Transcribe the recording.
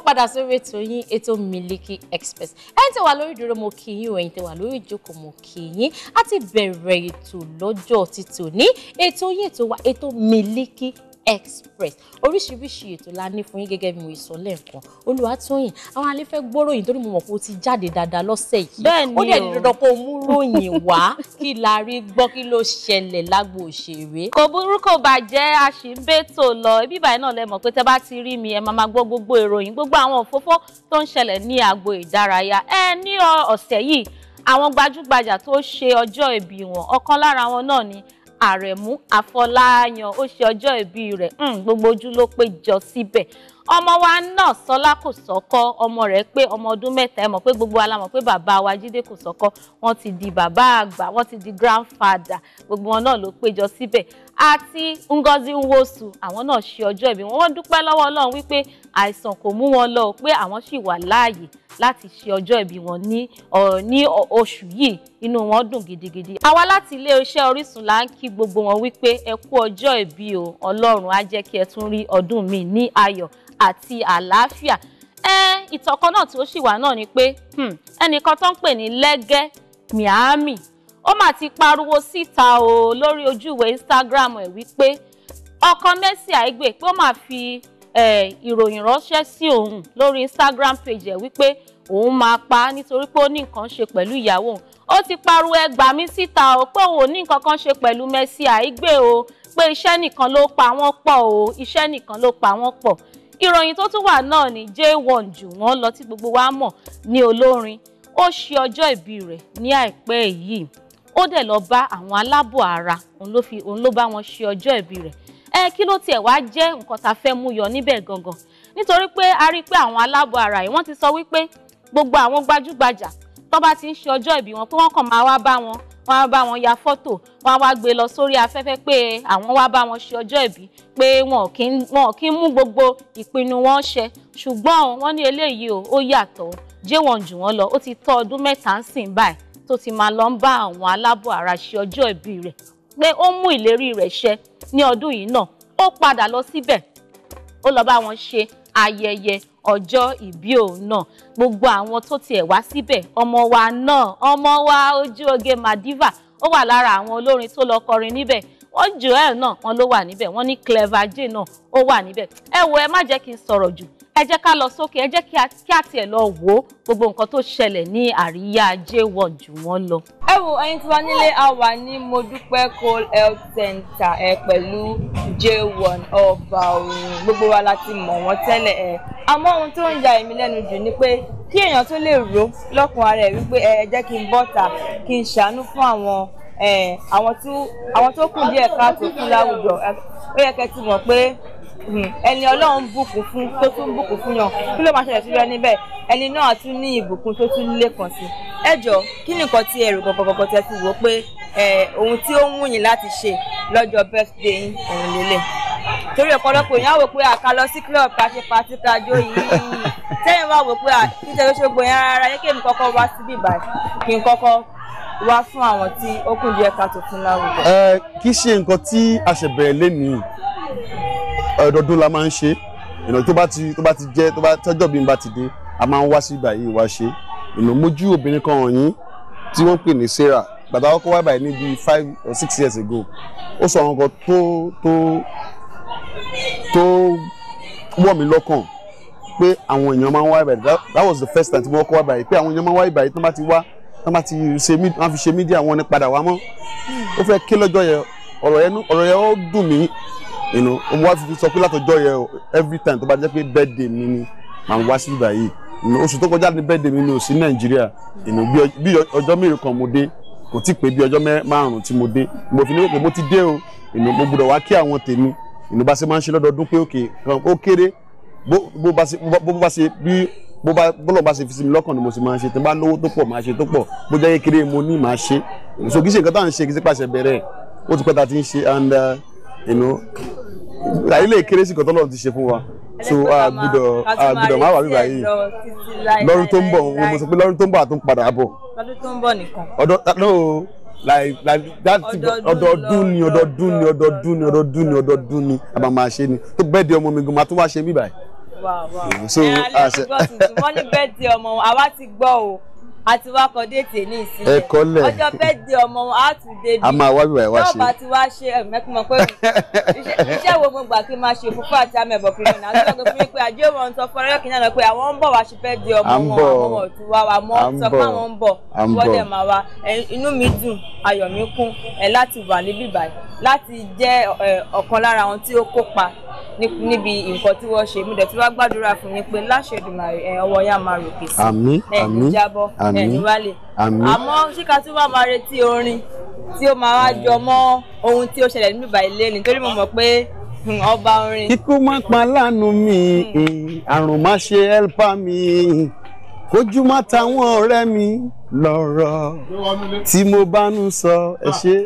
káàbọ̀ padà sórí ètò yín ètò Miliki Express ẹ̀yin tẹ́ wà lórí ìdúró mo kí yín o ẹ̀yin tẹ́ wà lórí ìjókòó mo kí yín a ti bẹ̀rẹ̀ ètò lọ́jọ́ títò ní ètò yín ètò wa ètò Miliki express oríṣiríṣi ètò la ní fún yín gẹ́gẹ́ bí mo sọ lẹ́ẹ̀kan olùwàtòyìn àwọn alẹ́ fẹ́ gbọ́ròyìn torí mo mọ̀ pé o ti jáde dáadáa lọ́sẹ̀ yìí ó dẹ̀ di dandan kó o mú ròyìn wá kí la rí gbọ́ kí ló ṣẹlẹ̀ lágbo òṣèré. kò burú kò bàjẹ́ a sì ń bẹ́tò lọ ibi ìbàyẹn náà lẹ mọ̀ pé tẹ́ bá ti rí mi ẹ máa máa gbọ́ gbogbo ìròyìn gbogbo àwọn òfófó tó ń ṣẹlẹ̀ ní agbo ìdárayá ẹ ní ọ̀sẹ̀ yìí àwọn gbajúgbajà tó ṣe ọjọ́ ìbí wọn ọ̀kan lára wọn náà ni Àrẹ̀mú Àfọláyàn ó ṣe ọjọ́ ìbí rẹ̀ hmm, gbogbo ojú ló péjọ síbẹ̀ ọmọ wa náà Sọlá Kòsọ́kọ́ ọmọ rẹ̀ pé ọmọ ọdún mẹ́ta ẹ mọ̀ pé gbogbo wa la mọ̀ pé bàbá wa Jídé Kòsọ́kọ́ wọ́n ti di bàbá àgbà wọ́n ti di grandfather gbogbo wọn náà ló péjọ síbẹ̀ àti Ngozi Nwosu àwọn náà ṣe ọjọ́ ìbí wọn wọ́n dúpẹ́ lọ́wọ́ Ọlọ́run wípé àìsàn kò mú wọn lọ pé àwọn sì wà láàyè láti ṣe ọjọ́ ìbí wọn ní ní oṣù yìí inú wọn dùn gidigidi. àwa láti ilé iṣẹ́ Orísun là ń kí gbogbo wọn wípé ẹ kú ọjọ́ ìbí o Ọlọ́run á jẹ́ kí ẹ tún rí ọdún mi ní ayọ̀ àti àlàáfíà ẹ ìtọ̀kan náà tí ó sì wà náà ni pé hmm, ẹnìkan tó ń pè ní lẹ́gẹ́ miami ó mà ti pariwo síta o lórí ojúwe Instagram ẹ̀ wípé ọkọ Mercy Aigbe pé ó mà fi ìròyìn ránṣẹ́ sí òun lórí Instagram page ẹ̀ wípé òun máa pa á nítorí pé ó ní nǹkan ṣe pẹ̀lú ìyàwó òun ó ti pariwo ẹ gbà síta o pé òun ò ní nǹkan kan ṣe pẹ̀lú Mercy Aigbe o pé iṣẹ́ nìkan ló pa wọ́n pọ̀ o iṣẹ́ nìkan ló pa wọ́n pọ̀ ìròyìn tó tún wà náà ni J1 jù wọ́n lọ tí gbogbo wa mọ̀ ní olórin ó ṣe ọjọ́ ìbí rẹ̀ ní àìpẹ́ yìí ó dẹ̀ lọ bá àwọn aláàbọ̀ ara òun ló fi òun ló bá wọn ṣe ọjọ́ ìbí rẹ̀ ẹ kí ló tiẹ̀ wá jẹ́ nǹkan tá a fẹ́ mú yọ níbẹ̀ gangan nítorí pé a rí i pé àwọn aláàbọ̀ ara yìí wọ́n ti sọ wípé gbogbo àwọn gbajúgbajà tó bá ti ń ṣe ọjọ́ ìbí wọn pé wọ́n kàn máa wá bá wọn wọ́n á bá wọn ya fọ́tò wọ́n á wá gbé lọ sórí afẹ́fẹ́ pé àwọn wá bá wọn ṣe ọjọ́ ìbí pé wọn kì í mú gbogbo ìpinnu wọn ṣẹ ṣùgbọ́n wọ́n ní eléyìí o ó yàtọ̀ jẹ́ wọn jù wọ́n lọ ó ti tọ́ ọdún mẹ́ta ń sìn báyìí tó ti máa lọ ń bá àwọn aláàbọ̀ ara ṣe ọjọ́ ìbí rẹ̀ pé ó mú ìlérí rẹ̀ ṣẹ ní ọdún yìí náà ó padà lọ síbẹ̀ ó lọ bá wọn ṣe ayẹyẹ ọjọ́ ìbí òun náà gbogbo àwọn tó tiẹ̀ wá síbẹ̀ ọmọ wa náà ọmọ wa ojú oge madiva ó wà lára àwọn olórin tó lọ kọrin níbẹ̀ wọ́n joel náà wọ́n ló wà níbẹ̀ wọ́n ní clever jane náà ó wà níbẹ̀ ẹ wo ẹ má jẹ́ kí n sọ̀rọ̀ jù ẹ jẹ́ ká lọ sókè ẹ jẹ́ kí a tiẹ̀ lọ wo gbogbo nǹkan tó ṣẹlẹ̀ ní àríyá ajé wọ̀ jù wọ́n lọ. ẹ wo ẹyin tí wàá nílé a wà ní modúpẹ́ cold health center ẹ pẹ̀lú j1 ọba òyìn gbogbo wa láti mọ̀ wọ́n tẹ́lẹ̀ ẹ àmọ́ ohun tó ń ya èmi lẹ́nu jù ni pé kí èèyàn tó lè rò lọ́kàn ara ẹ̀ wípé ẹ jẹ́ kí n bọ́ta kí n ṣàánú fún àwọn àwọn tó kù díẹ̀ káàtó fún láwùjọ ó yẹ kẹ́ ti mọ̀ pé Hmm, ẹni ọlọ́run bùkún fún tó tún bùkún fún yàn kí ló máa ṣẹlẹ̀ sí rẹ níbẹ̀ ẹni náà tún ní ìbùkún tó tún lékàn sí ẹ jọ kí ni nǹkan tí ẹrù gọgọgọgọ tẹ ti wò pé ohun tí ó ń wù yín láti ṣe lọ́jọ́ birthday yín òun lélẹ̀ torí ọ̀pọ̀lọpọ̀ èèyàn wò pé àká lọ sí club ká ṣe pati ká jó yìí sẹ́yìn wà wò pé àtúnṣe ló ṣe gbòyàn rárá yẹ kí èmi kọ́kọ́ wá síbí báyìí kí n kọ́kọ́ wá fún àwọn tí ó kùn díẹ̀ ká tó fún láwùjọ. ẹ kì ṣe nǹkan tí a ṣẹ̀bẹ̀rẹ̀ lénìí ọdọọdún la máa ń ṣe ìnà tó bá ti tó bá ti jẹ tó bá tọjọ bí n bá ti dé a máa ń wá sí ibà yìí wá ṣe ìnà mojú obìnrin kan ọ̀yìn tí wọ́n pè ní Sarah gbàtà ọkọ wáyé báyìí níbi five or six years ago ó sọ àwọn kan tó tó tó wọ̀ mí lọ́kàn pé àwọn èèyàn máa ń wáyé báyìí that was the first time tí mo kọ́ wáyé báyìí pé àwọn èèyàn máa ń wáyé báyìí tó bá ti wá tó bá ti ṣe wọ́n fi ṣe mídíà wọn ni padà wá mọ́ ó fẹ́ ké lọ́jọ́ yẹn ọ̀rọ̀ yẹn ó dùn mí you know mo wá fi sọ pé látọjọ́ yẹn every time tó bá jẹ́ pé birthday mi ni màá wá sí ibà yìí oṣù tó kọjá ní birthday mi ni ò sí nàìjíríà bí ọjọ́ mélòó kan mo dé kò tí pé bí ọjọ́ márùn-ún tí mo dé mo fi ní pé mo ti dé o mo gbọ́dọ̀ wá kí àwọn tèmi ìlú bá ṣe máa ń ṣe lọ́dọọdún pé òkè kan ó kéré bó bá ṣe bí bọ́lọ̀ bá ṣe fi sí lọ́kàn ni mo sì máa ṣe tí n bá lówó tó pọ̀ máa ṣe tó pọ̀ bó jẹ́ kékeré mo ní máa ṣe so kì í ṣe nǹkan tá à ń ṣe kì í ṣe pàṣẹ bẹ̀rẹ̀ ó ti pẹ́ ta ti ń ṣe and uh, you know tàyí lè kéré sí kọ́tọ́ lọ́run ti ṣe fún wa so àgùdọ̀ àgùdọ̀ máa wà bíbá yìí lọ́run tó ń bọ̀ òun mo sọ pé lọ́run tó ń bọ̀ àtún padà bọ̀ lọ́dún tó ń bọ̀ nìkan ọdọ no like like that ọdọọdún ni ọdọọdún ni ọdọọdún ni ọdọọdún ni ọdọọdún ni àbá máa ṣe ni tó bẹ́ẹ̀ di ọmọ mi gan máa tún wá ṣe bíbá yìí. so ẹ alẹ́ gbọ́ tuntun wọ́n ní bẹ́ẹ̀ di ọmọ àwa ti gbọ́ o àti wá kọ déètì ní ìsinmi ẹkọ lẹ ọjọ́ bẹ́ẹ̀ di ọmọ wọn á tún débi a máa wá wíwá ẹ wá ṣe náà bá ti wá ṣe mẹkúnmọ pé iṣẹ́ wo mo gbà kí n máa ṣe fúnfún àti amẹbọ kiri náà sọ pé fún mi pé àjẹ wọn sọ fún ọlọkì náà pé àwọn ń bọ̀ wá ṣe fẹ́ẹ̀ di ọmọ wọn ọmọ ọtún wa mọ sọ pé àwọn ń bọ̀ wọlé máa wá níbi nǹkan tí wọ́n ṣe mú dẹ̀ tí wọ́n gbàdúrà fún yín pé láṣẹ Èdùmàrè ẹ̀ ọwọ́ yá máa ròkè sí àmín àmín àmín àmín àmọ́ ṣé ká tún máa retí orin tí ó máa wá jọ mọ́ ohun tí ó ṣẹlẹ̀ ní bíbá ilé nítorí mo mọ̀ pé hmm, ọba orin. ikú má pa lánàá mi àrùn má ṣe ẹ́lpà mi kójú má táwọn ọ̀rẹ́ mi lọ́rọ̀ tí mo bá ń sọ ẹ ṣé.